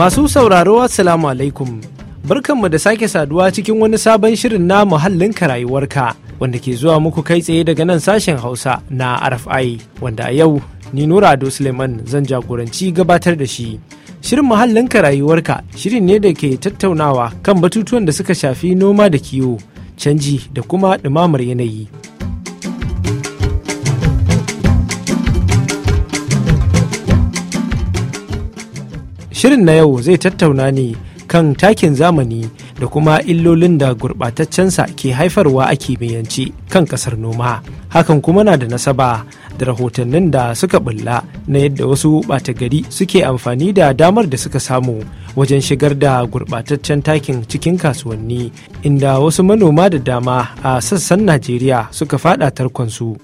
Masu sauraro Assalamu alaikum. Barkanmu da sake saduwa cikin wani sabon shirin na muhallin rayuwarka wanda ke zuwa muku kai tsaye daga nan sashen Hausa na RFI wanda a yau ni Nura Ado Suleiman zan jagoranci gabatar da shi. Shirin muhallin rayuwarka shirin ne da ke tattaunawa kan batutuwan da suka shafi noma da kiwo, canji da kuma ɗumamar yanayi. Shirin na yau zai tattauna ne kan takin zamani da kuma illolin da gurɓataccensa ke haifarwa a kimiyyance kan ƙasar noma. Hakan kuma na da nasaba da rahotannin da suka ɓulla na yadda wasu ɓata gari suke amfani da damar da suka samu wajen shigar da gurɓataccen takin cikin kasuwanni inda wasu manoma da dama a sassan Najeriya suka faɗa tarkonsu.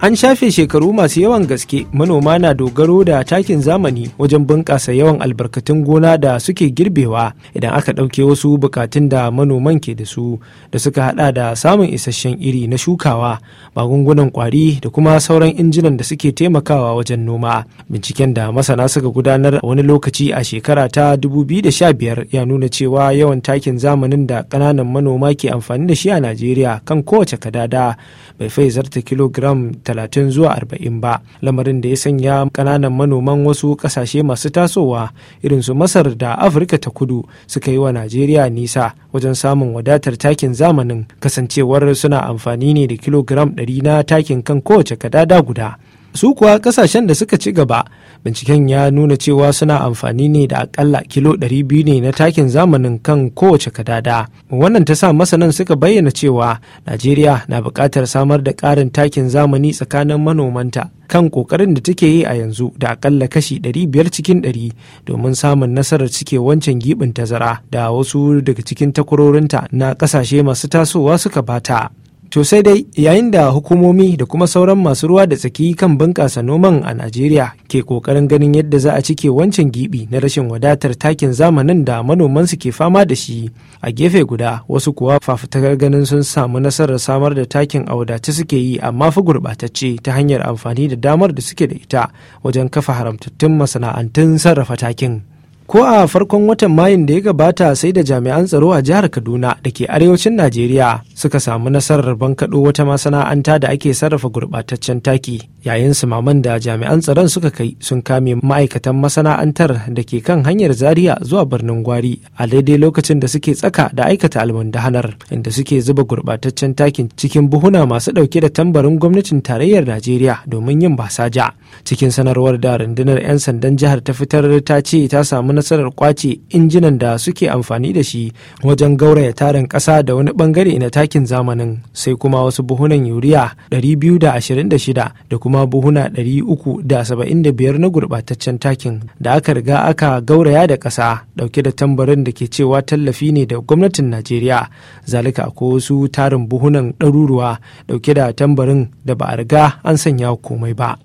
An shafe shekaru masu yawan gaske manoma na dogaro da takin zamani wajen bunƙasa yawan albarkatun gona da suke girbewa idan aka ɗauke wasu bukatun da manoman ke da su da suka hada da samun isasshen iri na shukawa, magungunan kwari da kuma sauran injinan da suke taimakawa wajen noma. Binciken da masana suka gudanar a wani lokaci a shekara ta 2015 ya nuna cewa yawan takin zamanin da ƙananan manoma ke amfani da shi a Najeriya kan kowace kadada bai fai zarta kilogram talatin zuwa arba'in ba lamarin da ya sanya kananan manoman wasu kasashe masu tasowa irin su masar da afirka ta kudu suka yi wa najeriya nisa wajen samun wadatar takin zamanin kasancewar suna amfani ne da kilogiram 100 na takin kan kowace kadada guda su kuwa kasashen da suka ci gaba binciken ya nuna cewa suna amfani ne da akalla kilo 200 ne na takin zamanin kan kowace kadada wannan ta sa masanan suka bayyana cewa najeriya na bukatar samar da ƙarin takin zamani tsakanin manomanta kan ƙoƙarin da take yi a yanzu da akalla kashi 500 cikin 100 domin samun nasarar cike wancan gibin tazara da wasu daga cikin takwarorinta na ƙasashe masu tasowa suka bata To sai dai yayin da hukumomi da kuma sauran masu ruwa da tsaki kan bunƙasa noman a Najeriya ke ƙoƙarin ganin yadda za a cike wancan gibi na rashin wadatar takin zamanin da manomansu ke fama da shi a gefe guda wasu kuwa fafutakar ganin sun samu nasarar samar da takin a wadace suke yi amma fi gurɓatacce ta hanyar amfani da damar da suke da ita wajen kafa haramtattun masana'antun sarrafa takin. ko a farkon watan mayun da ya gabata sai da jami'an tsaro a jihar kaduna da ke arewacin najeriya suka samu nasarar bankaɗo wata masana'anta da ake sarrafa gurɓataccen taki yayin samaman da jami'an tsaron suka kai sun kame ma'aikatan masana'antar da ke kan hanyar zaria zuwa birnin gwari a daidai lokacin da suke tsaka da aikata almundahanar inda suke zuba gurbataccen takin cikin buhuna masu dauke da tambarin gwamnatin tarayyar najeriya domin yin basaja cikin sanarwar da rundunar 'yan sandan jihar ta fitar ta ce ta samu nasarar kwace injinan da suke amfani da shi wajen gauraya tarin ƙasa da wani bangare na takin zamanin sai kuma wasu buhunan yuriya 226 da kuma kuma buhuna 375 na gurbataccen takin da aka riga aka gauraya da ƙasa dauke da tambarin da ke cewa tallafi ne da gwamnatin najeriya zalika ko wasu tarin buhunan ɗaruruwa dauke da tambarin da ba a riga an sanya komai ba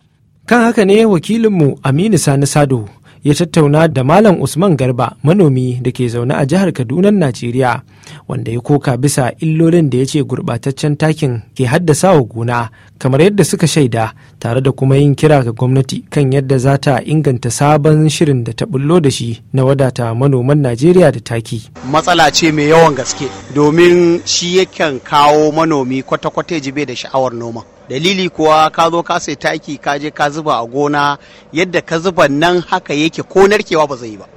kan haka ne wakilinmu aminu sani sado ya tattauna da Malam Usman Garba manomi da ke zaune a jihar Kaduna Najeriya wanda ya koka bisa illolin da ya ce gurɓataccen takin ke haddasa wa gona kamar yadda suka shaida tare da kuma yin kira ga gwamnati kan yadda za ta inganta sabon shirin da ta bullo da shi na wadata manoman Najeriya da taki. Matsala ce mai yawan gaske domin shi yakan kawo manomi kwata-kwata bai da sha'awar noma. dalili kuwa ka zo ka sai taki ka je ka zuba a gona yadda ka zuba nan haka yake ko narkewa ba zai yi ba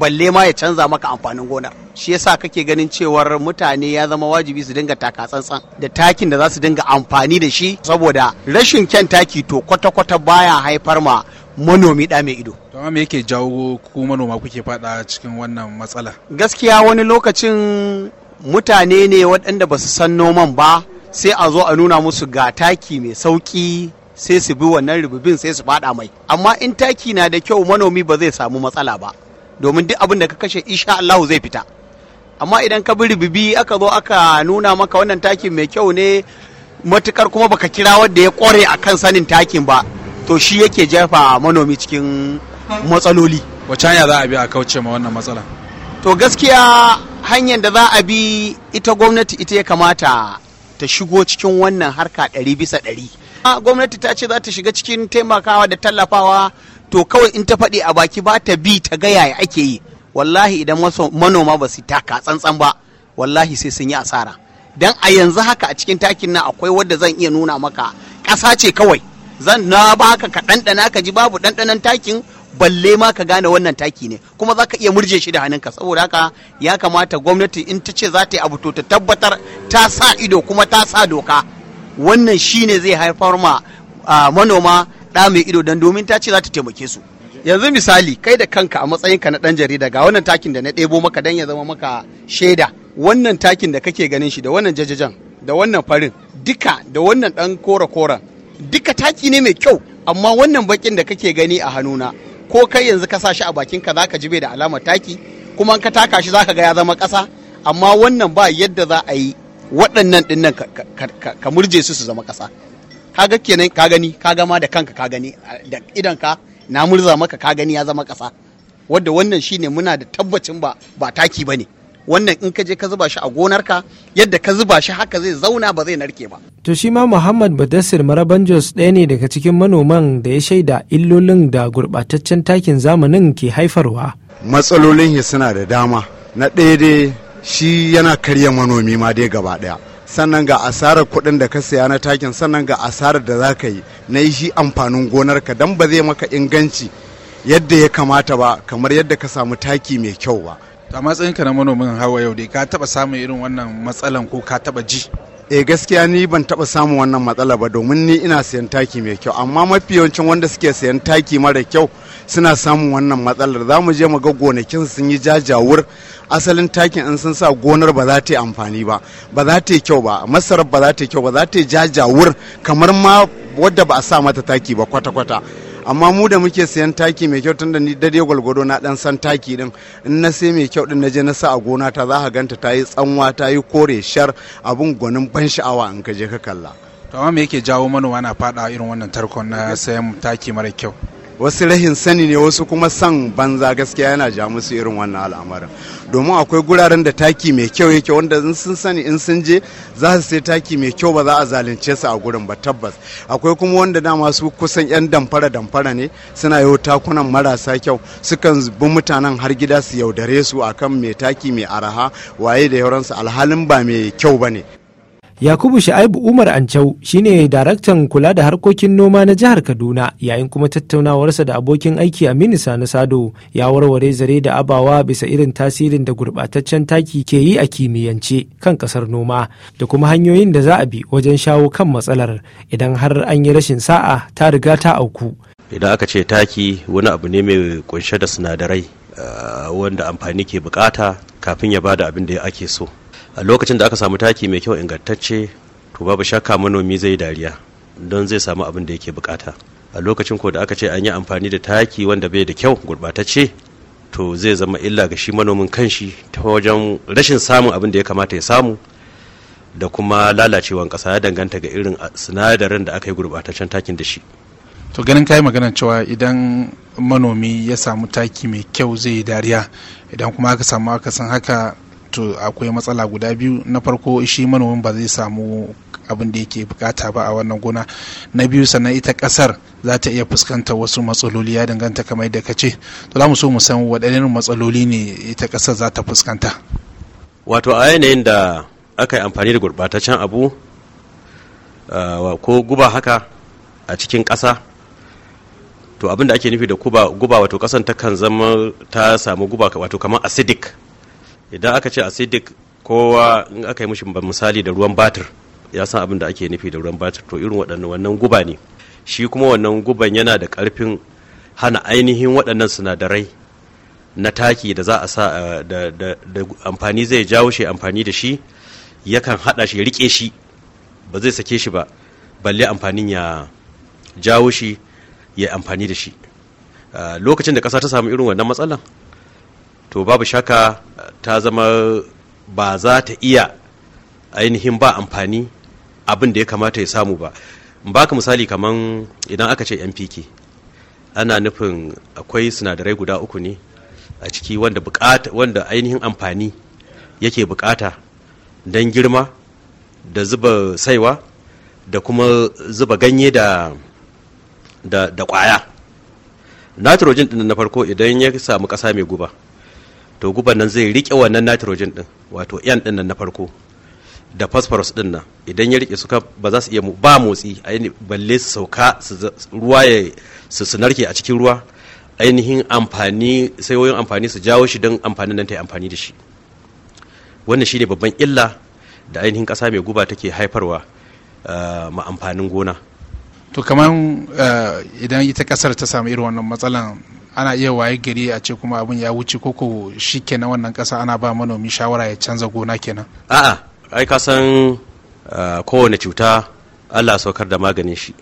balle ma ya canza maka amfanin gona. shi yasa kake ganin cewar mutane ya zama wajibi su dinga taka tsantsan da takin da za su dinga amfani da shi saboda rashin kyan taki to kwata-kwata baya haifar ma manomi da mai ido. To me yake jawo ku manoma kuke fada cikin wannan matsala? Gaskiya wani lokacin mutane ne waɗanda ba su san noman ba sai a zo a nuna musu ga taki mai sauki sai su bi wannan rububin sai su fada mai amma in taki na da kyau manomi ba zai samu matsala ba domin duk abin da ka kashe insha Allah zai fita amma idan ka bi rububi aka zo aka nuna maka wannan taki mai kyau ne matukar kuma baka kira wanda ya kware akan sanin takin ba to shi yake jefa manomi cikin matsaloli wacce hanya za a bi a kauce ma wannan matsala to gaskiya hanyar da za a bi ita gwamnati ita ya kamata ta shigo cikin wannan harka ɗari bisa ɗari. gwamnati ta ce za ta shiga cikin taimakawa da tallafawa to kawai in ta faɗi a baki ba ta bi ta ga yaya ake yi wallahi idan manoma ba su taka tsantsan ba wallahi sai sun yi asara dan a yanzu haka a cikin takin nan akwai wadda zan iya nuna maka ƙasa ce kawai zan na baka ka ɗanɗana ka ji babu ɗanɗanan takin balle ma ka gane wannan taki ne kuma za ka iya murje shi da ka saboda haka ya kamata gwamnati in ta ce za ta yi abu to ta tabbatar ta sa ido kuma ta sa doka wannan shine zai haifar ma manoma ɗa mai ido don domin ta ce za ta taimake su yanzu misali kai da kanka a matsayinka na ɗan jarida ga wannan takin da na ɗebo maka don ya zama maka shaida wannan takin da kake ganin shi da wannan jajajan da wannan farin duka da wannan ɗan kora-koran duka taki ne mai kyau amma wannan bakin da kake gani a hannuna ko kai yanzu ka sa shi a bakin ka zaka ji bai da alamar taki kuma ka taka shi za ka ga ya zama ƙasa amma wannan ba yadda za a yi waɗannan ɗinnan ka murje su su zama ƙasa kaga kenan ka gani ka gama da kanka ka gani da idan ka na murza maka ka gani ya zama ƙasa wadda wannan shine muna da tabbacin ba ba taki bane ne wannan in ka je ka zuba shi a gonarka yadda ka zuba shi haka zai zauna ba zai narke ba to shi ma muhammad badassir maraban jos ɗaya ne daga cikin manoman da ya shaida illolin da gurɓataccen takin zamanin ke haifarwa matsalolin shi suna da dama na ɗaya dai shi yana karya manomi ma dai gaba ɗaya sannan ga asarar kuɗin da ka saya na takin sannan ga asarar da za ka yi na yi shi amfanin gonarka don ba zai maka inganci yadda ya kamata ba kamar yadda ka samu taki mai kyau ba a matsayin ka na manomin hawa yau dai ka taba samun irin wannan matsalan ko ka taba ji eh gaskiya ni ban taba samun wannan matsala ba domin ni ina sayan taki mai kyau amma mafi yawancin wanda suke sayan taki mara kyau suna samun wannan matsalar za mu je mu ga gonakin sun yi jajawur asalin takin in sun sa gonar ba za ta yi amfani ba ba za ta yi kyau ba masarar ba za ta yi kyau ba za ta yi jajawur kamar ma wadda ba a sa mata taki ba kwata-kwata amma mu da muke sayan taki mai kyau tunda ni dade gwalgwado na dan san taki din in na sai mai kyau din na je na sa a gona ta za ka ganta ta yi tsanwa ta yi kore shar abun gwanin ban sha'awa in ka je ka kalla to amma me yake jawo manoma na fada irin wannan tarkon na sayan taki mara kyau wasu rahin sani ne wasu kuma san banza gaskiya yana ja musu irin wannan al'amarin domin akwai guraren da taki mai kyau yake wanda in sun sani in sun je za su sai taki mai kyau ba za a zalunce su a gurin ba tabbas akwai kuma wanda dama su kusan yan damfara damfara ne suna yau takunan marasa kyau sukan bi mutanen har gida su yaudare su akan mai taki mai araha waye da yauransu alhalin ba mai kyau ba ne Yakubu Sha'aibu Umar Ancau shine daraktan kula da harkokin noma na jihar Kaduna yayin kuma tattaunawarsa da abokin aiki Aminu Sani Sado ya warware zare da abawa bisa irin tasirin da gurbataccen taki ke yi a kimiyyance kan kasar noma da kuma hanyoyin da za a bi wajen shawo kan matsalar idan har an yi rashin sa'a ta riga ta auku. Idan aka ce taki wani abu ne mai kunshe da sinadarai eh, wanda amfani ke bukata kafin ya bada abin da ake so. a lokacin da aka samu taki mai kyau ingantacce to babu shakka manomi zai dariya don zai samu abin da yake bukata a lokacin ko da aka ce an yi amfani da taki wanda bai da kyau gurbatacce to zai zama illa ga shi manomin kanshi ta wajen rashin samun abin da ya kamata ya samu da kuma lalacewan ƙasa ya danganta ga irin sinadarin da aka yi gurbataccen takin da shi to ganin kai magana cewa idan manomi ya samu taki mai kyau zai yi dariya idan kuma aka samu aka haka to akwai matsala guda biyu na farko shi manomin ba zai samu abin da yake bukata ba a wannan gona na biyu sannan ita kasar za ta iya fuskantar wasu matsaloli ya danganta kamar yadda ka ce to za mu so mu san waɗannan matsaloli ne ita kasar za ta fuskanta wato a yanayin da aka yi amfani da gurbataccen abu ah, ko guba haka a cikin ƙasa to abin da ake nufi da guba wato ƙasan ta kan zama ta samu guba wato kamar acidic idan aka ce acidic kowa in aka yi mishi misali da ruwan batir ya san abin da ake nufi da ruwan batir to irin waɗannan wannan guba ne shi kuma wannan guban yana da ƙarfin hana ainihin waɗannan sinadarai na taki da za a sa eh, da, amfani zai jawo shi amfani da shi yakan haɗa shi ya riƙe shi ba zai sake shi ba balle amfanin ya jawo shi ya amfani da shi eh, lokacin da ƙasa ta samu irin wannan matsalan to babu shaka eh, ta zama ba za ta iya ainihin ba amfani abin da ya kamata ya samu ba baka misali kamar idan aka ce mpk ana nufin akwai sinadarai guda uku ne a ciki wanda, wanda ainihin amfani yake bukata don girma da zuba saiwa da kuma zuba ganye da, da, kwaya nitrogen din na farko idan ya samu ƙasa mai guba to guban nan zai rike wannan nitrogen din wato yan din nan na farko da phosphorus din nan idan ya rike suka ba za su iya ba motsi balle su sauka ruwa ya su sunarke a cikin ruwa ainihin amfani sayoyin amfani su jawo shi don amfanin nan ta yi amfani da shi wannan shine babban illa da ainihin kasa mai guba take haifarwa ah, ma amfanin gona to kamar ah, idan ita kasar ta samu irin wannan matsalan ana iya waye gari a ce kuma abin ya wuce koko shi kenan wannan kasa ana ba manomi shawara ya canza gona kenan a'a ai ka san kowane cuta allah saukar da maganin shi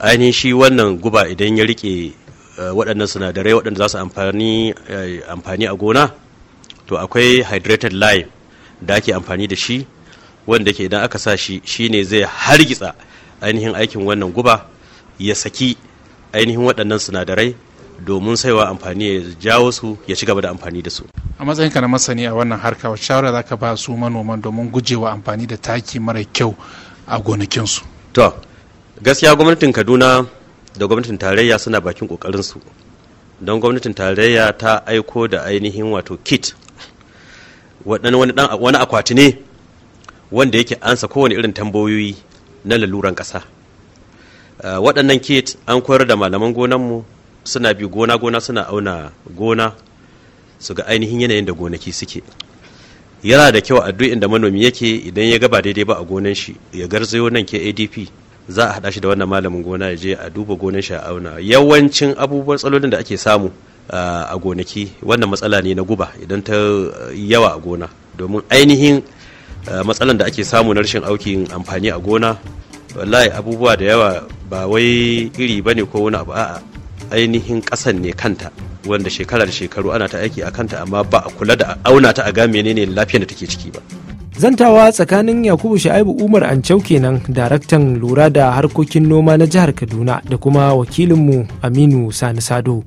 ainihin shi wannan guba idan ya rike waɗannan sinadarai waɗanda za su amfani a gona to akwai hydrated lime da ake amfani da shi wanda ke idan aka sa shi shi ne zai hargitsa ainihin aikin wannan guba ya saki ainihin waɗannan sinadarai domin saiwa amfani ya jawo su ya ci gaba da amfani da su a matsayinka na masani a wannan harka wa shawara za ka ba su manoman domin gujewa amfani da taki mara kyau a gonakinsu to gaskiya gwamnatin kaduna da gwamnatin tarayya suna bakin kokarin su don gwamnatin tarayya ta aiko da ainihin wato kit wani akwati ne wanda yake ansa kowane irin tambayoyi na laluran ƙasa eh, waɗannan kit an koyar da malaman gonanmu suna bi gona-gona suna auna gona su ga ainihin yanayin da gonaki suke yana da kyau a duk inda manomi yake idan ya gaba daidai ba a gonan shi ya garzayo nan ke adp za a haɗa shi da wannan malamin gona ya je a duba gonan shi a auna yawancin abubuwan tsalolin da ake samu a gonaki wannan matsala ne na guba idan ta yawa a gona domin ainihin matsalan da ake samu na rashin aukin amfani a gona wallahi abubuwa da yawa ba wai iri bane ko wani abu a'a ainihin ƙasan ne kanta wanda shekara da shekaru ana ta aiki a kanta amma ba a kula da auna ta a ga menene lafiyar da take ciki ba zantawa tsakanin yakubu sha'ibu umar ancau kenan daraktan lura da harkokin noma na jihar kaduna da kuma wakilinmu aminu sani sado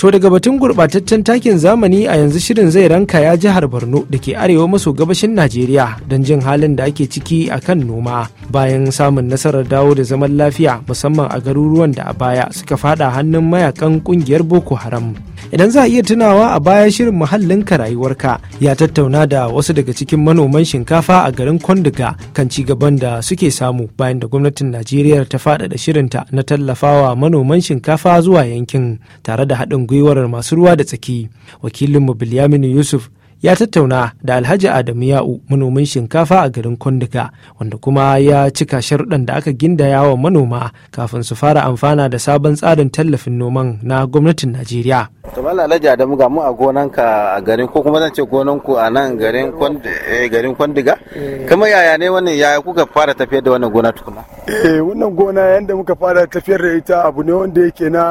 To daga batun gurɓataccen takin zamani a yanzu shirin zai ranka ya jihar Borno da ke arewa maso gabashin Najeriya don jin halin da ake ciki a kan noma bayan samun nasarar dawo da zaman lafiya musamman a garuruwan da a baya suka fada hannun mayakan kungiyar Boko Haram. Idan za a iya tunawa a baya shirin muhallin ka rayuwarka ya tattauna da wasu daga cikin manoman shinkafa a garin Kwanduga kan ci gaban da suke samu bayan da gwamnatin Najeriya ta faɗaɗa shirinta na tallafawa manoman shinkafa zuwa yankin tare da haɗin gwiwar masu ruwa da tsaki wakilinmu bilyamin yusuf ya tattauna da alhaji adamu ya'u manomin shinkafa a garin kondika wanda kuma ya cika sharuɗan da aka gindaya wa manoma kafin su fara amfana da sabon tsarin tallafin noman na gwamnatin najeriya to mala alhaji adamu ga mu a gonanka a garin ko kuma zan ce gonanku a nan garin kondiga eh, eh. kuma yaya ne wannan yaya kuka fara tafiyar da wannan gona tukuna eh wannan gona yadda muka fara tafiyar da ita abu ne wanda yake na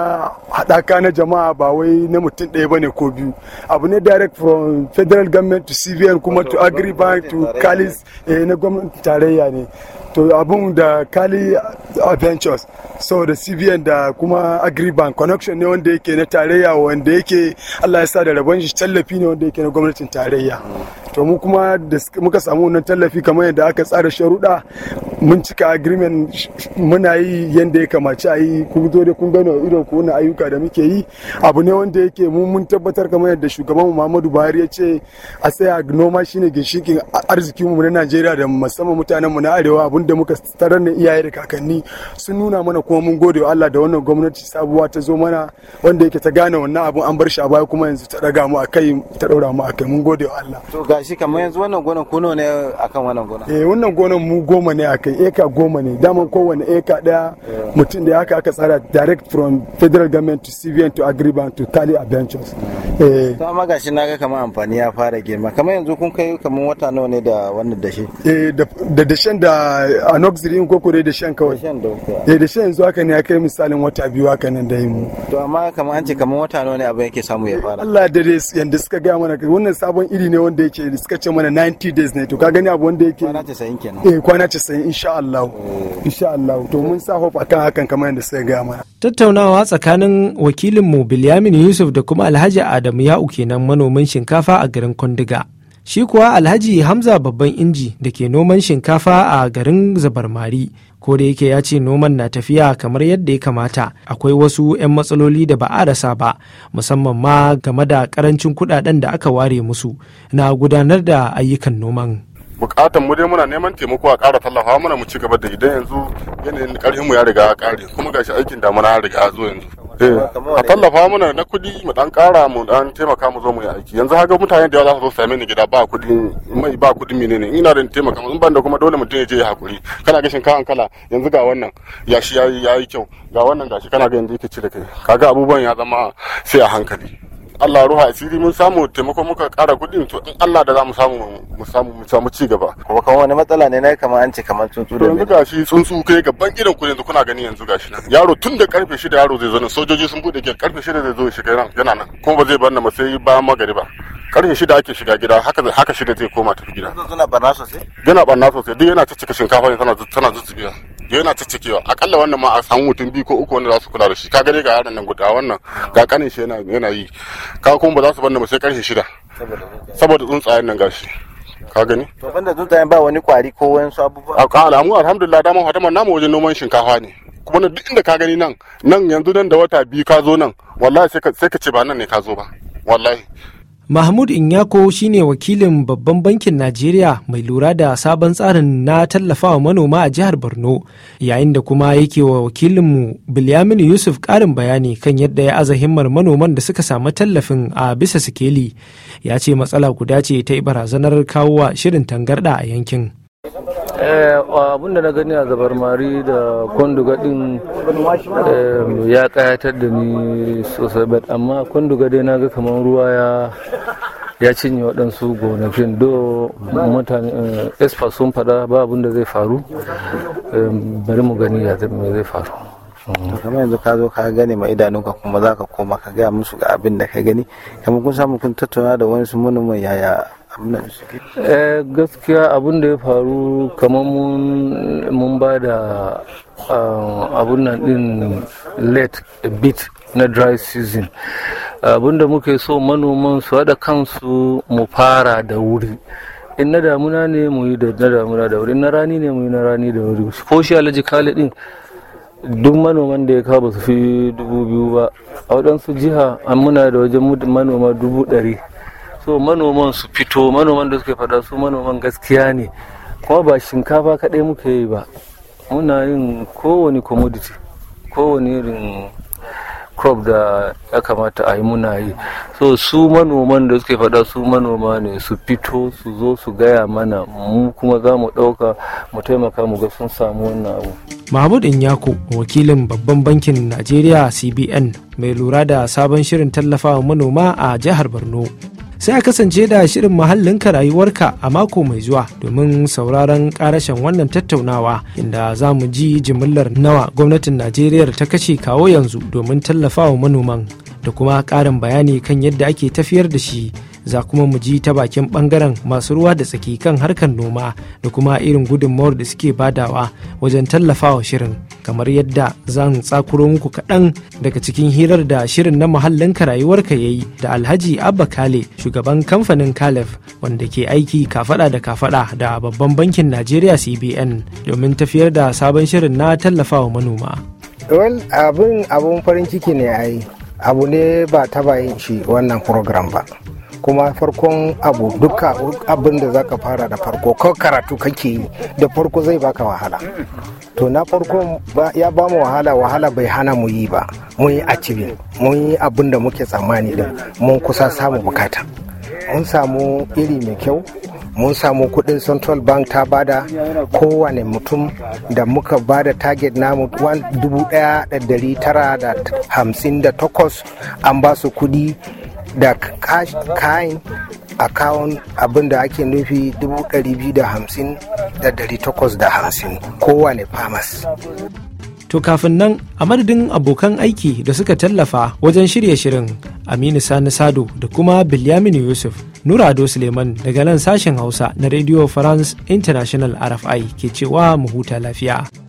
haɗaka na jama'a ba wai na mutum ɗaya bane ko biyu abu ne direct from federal government to cbn kuma to agribank to kalis eh, na gwamnatin tarayya ne to abun da kali adventures so da cbn da kuma agribank connection ne wanda yake na tarayya wanda yake allah ya sa da rabon shi tallafi ne wanda yake na gwamnatin tarayya to mu kuma da muka samu wannan tallafi kamar yadda aka tsara sharuɗa mun cika agreement muna yi yadda ya kamaci a yi kun zo da kun gano irin ku wani ayyuka da muke yi abu ne wanda yake mu mun tabbatar kamar yadda shugaban Muhammadu Buhari ya ce a tsaya noma shine ginshikin arzikin mu na Najeriya da musamman mutanen mu na arewa abun yadda muka tarar da iyaye da kakanni sun nuna mana kuma mun gode wa Allah da wannan gwamnati sabuwa ta zo mana wanda yake ta gane wannan abun an bar shi a baya kuma yanzu ta daga mu akai ta daura mu akai mun gode wa Allah to gashi kamar yanzu wannan gonan ku ne akan wannan gonan eh wannan gonan mu goma ne akai eka goma ne daman kowanne eka daya eh. mutum da aka aka tsara direct from federal government to civilian to agribank to tali adventures Eh. to amma gashi naga kamar amfani ya fara girma kamar yanzu kun kai kamar wata nawa ne da wannan dashe eh da dashen da anoxidin ko kore dashen kawai dashen da eh dashen yanzu haka ne ya kai misalin wata biyu haka nan da yi mu to amma kamar an ce kamar wata nawa ne abin yake samu ya fara Allah da dai yanda suka ga mana wannan sabon iri ne wanda yake suka ce mana 90 days ne to ka gani abu wanda yake kwana 90 kenan eh kwana 90 insha Allah eh. insha Allah to mun sa hope akan hakan kamar yanda suka ga mana tattaunawa tsakanin wakilin mu Bilyamin Yusuf da kuma Alhaji Adam Adamu Ya'u kenan manoman shinkafa a garin Kwandiga Shi kuwa Alhaji Hamza babban inji da ke noman shinkafa a garin Zabarmari, ko da yake ya ce noman na tafiya kamar yadda ya kamata, akwai wasu 'yan matsaloli da ba a rasa ba, musamman ma game da karancin kudaden da aka ware musu na gudanar da ayyukan noman. bukatan mu dai muna neman taimako a ƙara tallafa mana mu ci gaba da idan yanzu yanayin ƙarfin mu ya riga ya ƙare kuma gashi aikin muna ya riga ya zo yanzu eh, a tallafa mana na kuɗi mu dan ƙara mu dan taimaka mu zo mu yi aiki yanzu haka mutane da yawa za su zo same ni gida ba kuɗi mai ba kuɗi menene in ina da taimaka mu ban da kuma dole mutum ya je ya hakuri kana gashin ka kala yanzu ga wannan ya shi yayi kyau ga wannan gashi kana ga yanzu yake ci da kai kaga abubuwan ya zama sai a hankali Allah ruha asiri mun samu taimako muka kara kudin to in Allah da za mu samu mu samu mu samu ci gaba. Kuma kan wani matsala ne na kamar an ce kamar tsuntsu da yanzu gashi tsuntsu kai gaban gidan ku yanzu kuna gani yanzu gashi nan. Yaro tun da karfe shida yaro zai zo nan sojoji sun bude gidan karfe shida zai zo shi shiga nan yana nan kuma ba zai bar na ba sai bayan magariba. karfe shida ake shiga gida haka haka da zai koma tafi gida. Suna barna sosai? Yana barna sosai duk yana ciccika shinkafa ne tana tana zuzzubiya. yana cikewa akalla wannan ma a san mutum biyu ko uku wanda za su kula da shi ka gani ga yaron nan guda wannan ga kanin shi yana yi ka kuma ba za su banda ba sai karshe shida saboda tsuntsayen nan gashi ka gani to banda tsuntsayen ba wani kwari ko wani abubuwa a ka alamu alhamdulillah dama hadama namu wajen noman shinkafa ne kuma duk inda ka gani nan nan yanzu nan da wata biyu ka zo nan wallahi sai ka ce ba nan ne ka zo ba wallahi Mahmud Inyako shine wakilin babban bankin Najeriya mai lura da sabon tsarin na tallafawa manoma a jihar Borno yayin da kuma yake wa wakilinmu Bilyamin Yusuf ƙarin bayani kan yadda ya aza himmar manoman da suka samu tallafin a bisa sikeli ya ce matsala guda ce ta yi barazanar kawo shirin tangarɗa a yankin. Eh, abin da na gani a zabar mari da kwanduga din eh, ya kayatar da ni sosai bet amma kwanduga dai na ga kamar ruwa ya ya cinye waɗansu gonakin do mutane espa eh, sun fada ba abin da zai faru bari mu gani ya zai faru kamar yanzu ka zo ka gani ma idanunka kuma za ka koma ka gaya musu ga abin da ka gani kamar kun samu kun tattauna da wani su manoman yaya suke eh, gaskiya abin da ya faru kamar mun ba da ah, abun nan din late bit na dry season abin da muke so manoman su haɗa kansu mu fara da wuri in na damuna ne mu yi da damuna da wuri in na rani ne mu yi na rani da wuri ko shi alajikali din duk manoman da ya kawo ba su fi dubu biyu ba a waɗansu jiha an muna da wajen manoma dubu ɗari so manoman su fito manoman da suke fada su manoman gaskiya ne kuma ba shinkafa kaɗai muka yi ba muna yin kowane commodity kowane irin crop da ya kamata a yi muna yi so su manoman da suke fada su manoma ne su fito su zo su gaya mana mu kuma za mu ɗauka mu taimaka mu ga sun samu wannan abu mahmud inyako wakilin babban bankin najeriya cbn mai lura da sabon shirin tallafawa manoma a jihar borno sai a kasance da shirin muhallinka rayuwarka a mako mai zuwa domin sauraron karashen wannan tattaunawa inda za mu ji jimillar nawa gwamnatin najeriya ta kashe kawo yanzu domin tallafawa manoman da kuma ƙarin bayani kan yadda ake tafiyar da shi za kuma mu ji ta bakin bangaren masu ruwa da tsaki kan harkar noma da kuma irin gudunmawar da suke badawa wajen tallafawa shirin kamar yadda zan tsakuro muku kaɗan daga cikin hirar da shirin na muhallin rayuwarka ka yayi da alhaji abba kale shugaban kamfanin kalef wanda ke aiki kafada da kafada da babban bankin najeriya cbn domin tafiyar da sabon shirin na tallafawa manoma well abin abun farin ciki ne a yi abu ne ba ta yin shi wannan program ba kuma farkon abu duka abin da ka fara da farko ko karatu kake yi da farko zai baka wahala to na farko ya ba mu wahala wahala bai hana mu yi ba mun yi acibin mun yi abin da muke tsammani da mun kusa samu bukata mun samu iri mai kyau mun samu kudin central bank ta bada kowane mutum da muka bada target namu 1958 an ba su kudi da kayan akawun abin da ake nufi 250,850 kowane famas. To kafin nan a madadin abokan aiki da suka tallafa wajen shirya shirin Aminu Sani Sado da kuma Bilyaminu Yusuf Nura Ado Suleiman daga nan sashen Hausa na Radio France International RFI ke cewa mu huta lafiya.